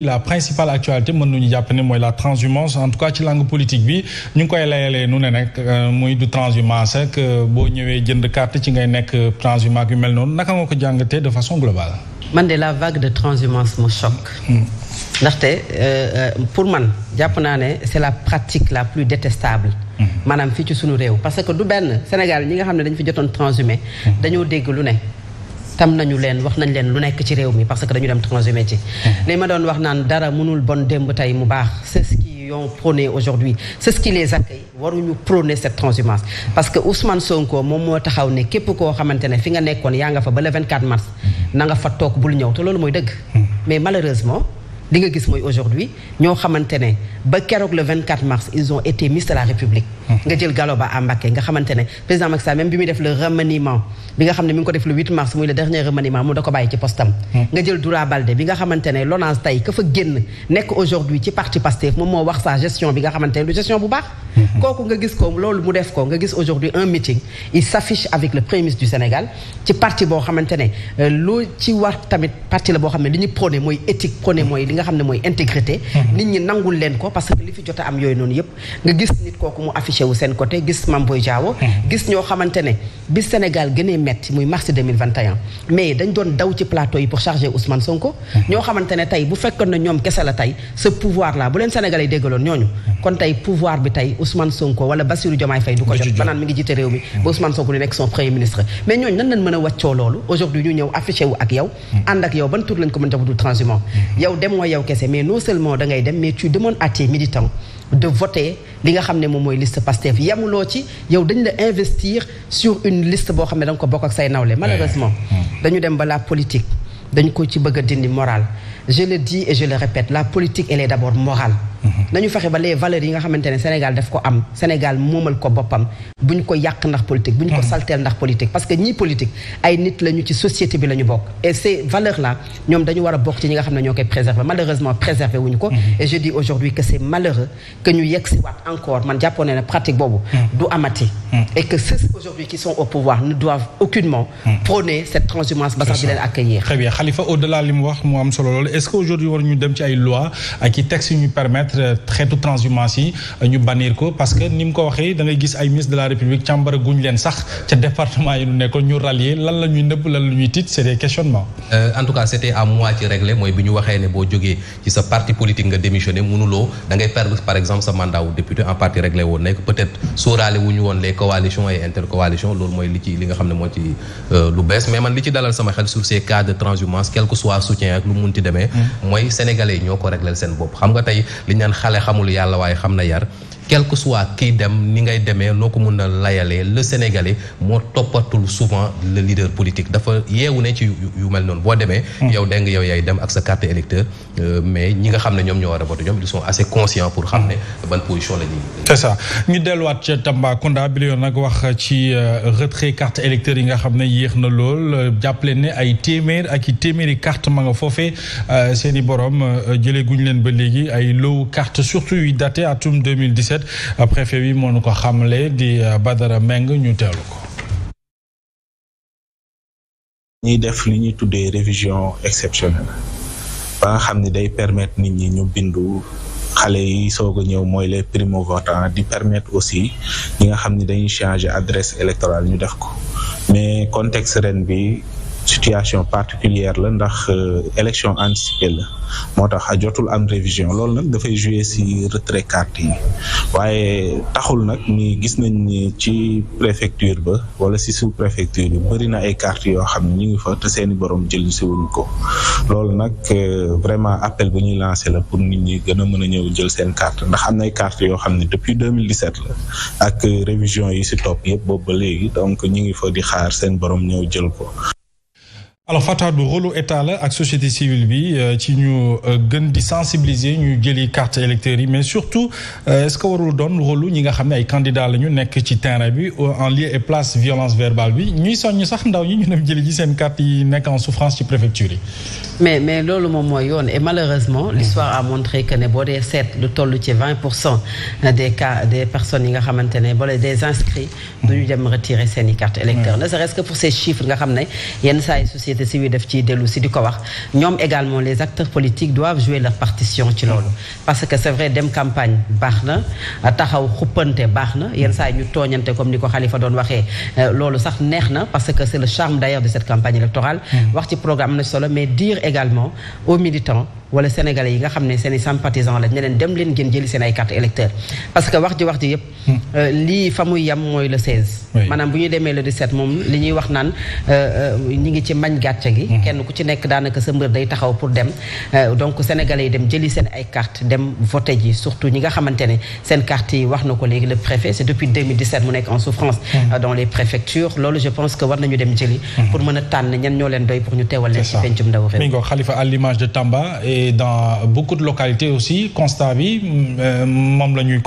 la principale actualité mën nañu jàpp ne mooy la transhumance en tout cas ci langue politique bi ñu ngi koy layalee nu ne nag euh, muy du transhumance ak euh, boo ñëwee jënd carte ci ngay nekk euh, transhumant yu mel noonu naka nga ko jàngatee de façon globale. man de la vague de transhumance me choque. Hmm. ndaxte pour man jàpp naa ne c'est la pratique la plus détestable. Hmm. maanaam fii ci suñu réew parce que du benn Sénégal ñi nga xam ne dañ fi jotoon transhumé. Hmm. dañoo dégg lu ne. tam nañu leen wax nañ leen lu nekk ci réew mi parce que dañu dem transhumé ci mhm. li ma doon wax naan dara mënul bon démb tey mu baax c'est ce qui ont prôné aujourd'hui c'est ce qui les accueille waruñu prôner cette transhumance parce que Ousmane Sonko moom moo taxaw ne képp koo xamante ne fi nga nekkoon yaa nga fa bala le 24 mars mhm. na nga fa toog bul ñëw te loolu mooy dëgg mhm. mais malheureusement li nga gis mooy aujourd'hui ñoo xamante ba keroog le mars ils ont été Miss de la République nga jël Galoba à Mbacké nga xamante président Macky Sall même bi muy def le remaniement bi nga xam ne mi ngi ko def le mars muy le dernier remaniement mu da ko bàyyi ci postam nga jël Doura Baldé bi nga xamante ne LONASE tey fa génn nekk aujourd'hui ci parti Pastef moom moo wax sa gestion bi nga xamante ne lu gestion bu baax kooku nga gis ko loolu mu nga xam ne mooy intégrité mhm. nit ñi nangul leen ko parce que li fi jot a am yooyu noonu yëpp nga gis nit kooku mu affiché wu seen côté gis Mame Boye mhm. gis ñoo xamante ne bi Sénégal gënee metti muy mars mais dañ doon daw ci plateau yi pour charger Ousmane Sonko mhm. ñoo xamante ne tey bu fekkoon na ñoom kese la tey ce pouvoir là bu leen Sénégalais yi déggaloon ñooñu kon tey pouvoir bi tey Ousmane Sonko wala Bassirou Diomaye Faye du ko jot banaan mi ngi jiite réew yow kese mais non seulement dangay dem mais tu demandes à tes militants de voter li nga xam ne moom mooy liste Pastef yamuloo ci yow dañ la investir sur une liste boo xam ne da ko bokk ak say nawle malheureusement hmm. dañu dem ba la politique dañ ko ci bëgg a dindi morale je le dis et je le répète la politique elle est d'abord morale nañu fexe ba les valeurs yi nga xamante ne Sénégal daf ko am Sénégal moomal ko boppam buñ ko yàq ndax politique buñ ko mhm. salteel ndax politique parce que ñii politique ay nit lañu ci société bi la bokk et ces valeurs là ñoom dañu war a bokk ci ñi nga xam ne ñoo koy préserver malheureusement préserver wuñu ko mhm. et je dis aujourd'hui que c'est malheureux que ñu yegg si waat encore man jàppoon ne pratique boobu mhm. du amati et que ceux aujourd'hui qui sont au pouvoir permettre euh, transhumance yi euh, ñu bannir ko parce que ni mu ko waxee da gis ay ministre de la république càmbara guñ leen sax ca département yi ñu nekkoon ñu rallier lan la nëbb lan la ñuy tiit c'est des questionnements. Euh, en tout cas c'était à moitié réglé mooy bi ñu waxee ne boo jógee ci sa parti politique nga démissionné mënuloo da ngay par exemple sa mandat député en partie réglé woon nekk peut-être sóoraale wu ñu woon les coalitions et intercoalitions ñan xale xamul yàlla waaye xam na yar quel que soit kiy dem ni ngay demee noo ko mun a layalee le sénégalais moo toppatul souvent le leader politique dafa yeewu ne ci yu mel noonu boo demee. Hmm. yow dégg nga yow yaay dem ak sa carte électeur euh, mais ñi nga xam ne ñoom ñoo war a voté ñoom ils sont assez conscients pour xam ne hmm. ban position la ñuy. c'est ça ñu delluwaat ca Tambacounda bi la yoon nag wax ci euh, retrait carte électeur yi nga xam ne yéex na lool jàppale ne ay téeméer ak i téeméeri carte ma nga foofee euh, seen i borom leen ba léegi ay low carte 2017 préfet bi moo nu ko xamle di euh, Badara Meng ñu teelu ko ñuy def li ñuy tuddee révision exceptionnelle ba nga xam ni day permettre nit ñi ñu bindu xale yi soog a ñëw mooy les primo votants di permettre aussi ñi nga xam ni dañuy changer adresse électorale ñu def ko mais contexte ren bi situation particulière la ndax euh, élection anticipée la moo tax a jotul am révision loolu nag dafay jouer ci retrait carte yi waaye taxul nag ni gis nañ ni ci préfecture ba wala ci sous préfecture yi bëri na ay carte yoo xam ne ñu ngi fa te seeni borom jël ci wuñ ko loolu nag euh, vraiment appel bu ñuy lancé la pour nit ñi gën a mën a ñëw jël seen carte ndax am na ay carte yoo xam ne depuis deux 2017 la ak euh, révision yi si topp yëpp boobu ba léegi donc ñu ngi fa di xaar seen borom ñëw jël ko alors Fatou bu rôle état la ak société civile bi euh, ci ñu euh, gën di sensibiliser ñu jëli carte électeurs yi mais surtout euh, est-ce que warul doon rôle ñi nga xam ne ay candidats la ñu nekk ci terrain bi en lieu et place violence verbale bi ñuy soññ sax ndaw ñi ñu dem jëli ji seen carte yi nekk en souffrance ci préfecture yi. mais mais loolu moom mooy yoon et malheureusement. l'histoire a montré que ne boo dee seet lu toll ci vingt pour cent des cas des personnes yi nga xamante ne boole des inscrits. du ñu nga xam ne yenn société civile def ci dellu si di ko wax ñoom également les acteurs politiques doivent jouer leur partition ci loolu parce que c'est vrai dem campagne baax na taxaw xuppante baax na yenn saa ñu tooñante comme ni ko Khalifa doon waxee euh, loolu sax neex na parce que c'est le charme d'ailleurs de cette campagne électorale hmm. wax ci programme am na solo mais diir également aux militants wala sénégalais yi nga xam ne seen i la ne leen dem leen ngeen jëli seen ay carte électeur parce que wax ji wax ji yëpp hmm. euh, lii fa muy yem mooy le 16 maanaam bu ñu demee le 17 moom li ñuy wax naan euh, euh, ñi ngi ci mañ gàcce gi hmm. kenn ku ci nekk daanaka sa mbër day taxaw pour dem donc sénégalais yi dem jëli seen ay carte dem voté ji surtout ñi nga xamante ne seen carte yi wax na ko léegi le préfet c'est depuis 2017 mu nekk en souffrance hmm. dans les préfectures ñu teewal leen ci pencum ndaw réew mi ngi et dans beaucoup de aussi constat bi euh, moom la ñuy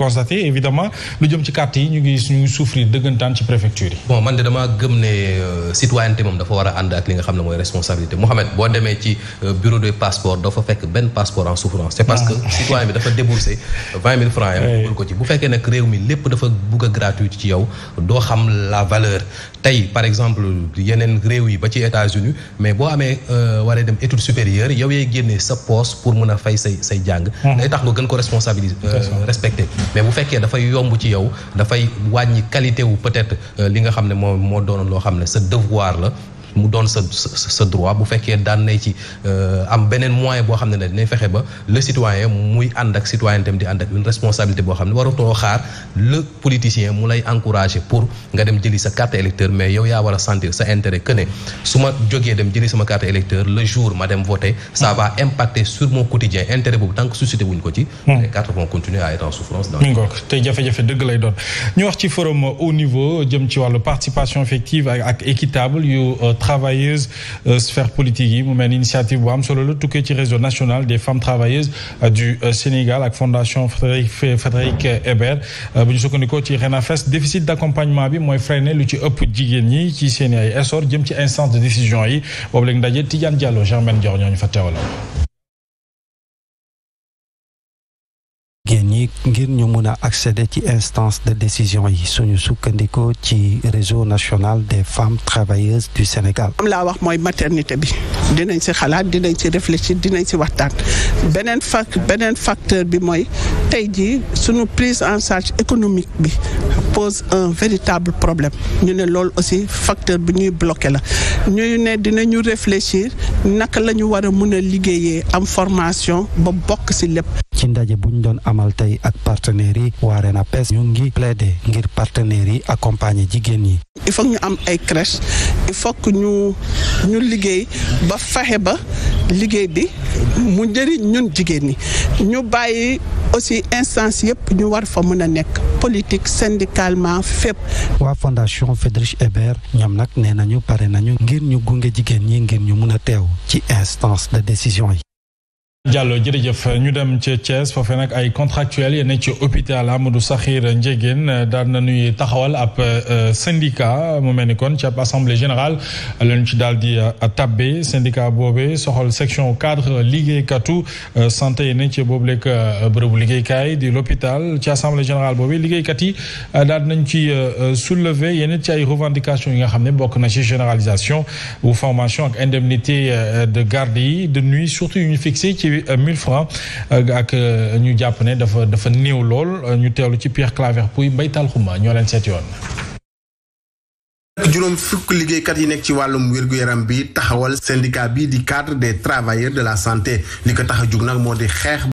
évidemment lu jëm ci carte yi ñu ngi ñu ngi dëggantaan ci préfecture yi. man de damaa gëm ne euh, citoyenneté moom dafa war a ànd ak li nga xam ne mooy responsabilité Mouhamed boo demee ci euh, bureau de passeport dafa fekk benn passeport en souffrance. c'est parce que ah. citoyen bi dafa débourser vingt mille francs yam bul ko ci bu fekkee nag réew mi lépp dafa bugg a ci yow doo xam la valeur poos pour mën a fay say say jàng hmm. day tax nga gën ko responsabiliser euh, respecté mais bu fekkee dafay yomb ci yow dafay wàññi qualité wu peut-être euh, li nga xam ne moo moo doonoon loo xam ne sa devoir la mu doon sa sa droit bu fekkee daan nay ci euh, am beneen moyen boo xam ne ne fexe ba le citoyen muy ànd ak citoyen tam di ànd ak une responsabilité boo xam ne waratoo xaar le politicien mu lay encourager pour nga dem jëli sa carte électeur mais yow yaa war a sentir sa intérêt que ne su ma jógee dem jëli sama carte électeur le jour ma dem voter ça va impacter sur mon boobu tant société wuñ ko ci hmm. les cartes vont continuer jafe-jafe dëgg lay doon ñu wax travailleuses euh, sphère politique yi mu mel ni initiative bu am solo la tukkee ci réseau national des femmes travailleuses euh, du euh, Sénégal ak fondation Frédéric Ebert bu ñu sukkandikoo ci RENAFES déficit d'accompagnement bi mooy freiné lu ci ëpp jigéen ñi ci seen ay essor jëm ci instance de décision yi boobu léegi ndaje Tidiane Diallo Germaine Dior ñoo ñu fa teewal ngir ñu mun a accédé ci instance de décision yi suñu sukkandikoo ci réseau national des femmes travailleuses du Sénégal. am laa wax mooy maternité bi dinañ si xalaat dinañ si réfléchir dinañ si waxtaan beneen fa beneen facteur bi mooy tey jii suñu prise en charge économique bi pose un véritable problème ñu ne loolu aussi facteur bi ñuy bloqué la ñuy ne dinañu réfléchir naka la ñu war a mun a liggéeyee am formation ba bokk si lépp. ndaje bu ñu doon amal tey ak partenaires yi na RENAPES ñu ngi plaider ngir partenaires yi accompagner jigéen yi. il faut ñu am ay crèche il faut ñu ñu liggéey ba fexe ba liggéey bi mu njëriñ ñun jigéen ñi ñu bàyyi aussi instance yëpp ñu war fa mën a nekk politique syndicalement fépp. waa fondation Friedrich Ebert ñoom nag nee nañu pare nañu ngir ñu gunge jigéen ñi ngir ñu mun a teew ci instance de décision yi. Diallo jërëjëf ñu dem ca Thiès foofee nag ay contractuels yi ne ci hôpital Amadou Sakhir Ndiéguène euh, na nuy taxawal ab euh, euh, syndicat mu mel ni kon ci ab assemblée générale lañu ci daal di tabbe syndicat boobe soxal section cadre liggéeykatu santé yi ne ci boobu lekk bërëbu liggéeykaay di l'hôpital ci assemblée générale boobe liggéeykat yi daal nañ ci soulever yeneen ci ay revendications yi nga xam ne bokk na ci généralisation ou formation ak indemnité de garde de nuit surtout yu ci ci 1000 francs ak euh, ñu jàpp ne dafa dafa néew lool euh, ñu teewlu ci Pierre Claver Pouy mbaytal xuma ñoo leen seet yoon juróom fukk liggéeykat yi nekk ci wàllum wér-gu-yaram bi taxawal syndicat bi di cadre de travailleurs de la santé li ko tax a nag moo di xeex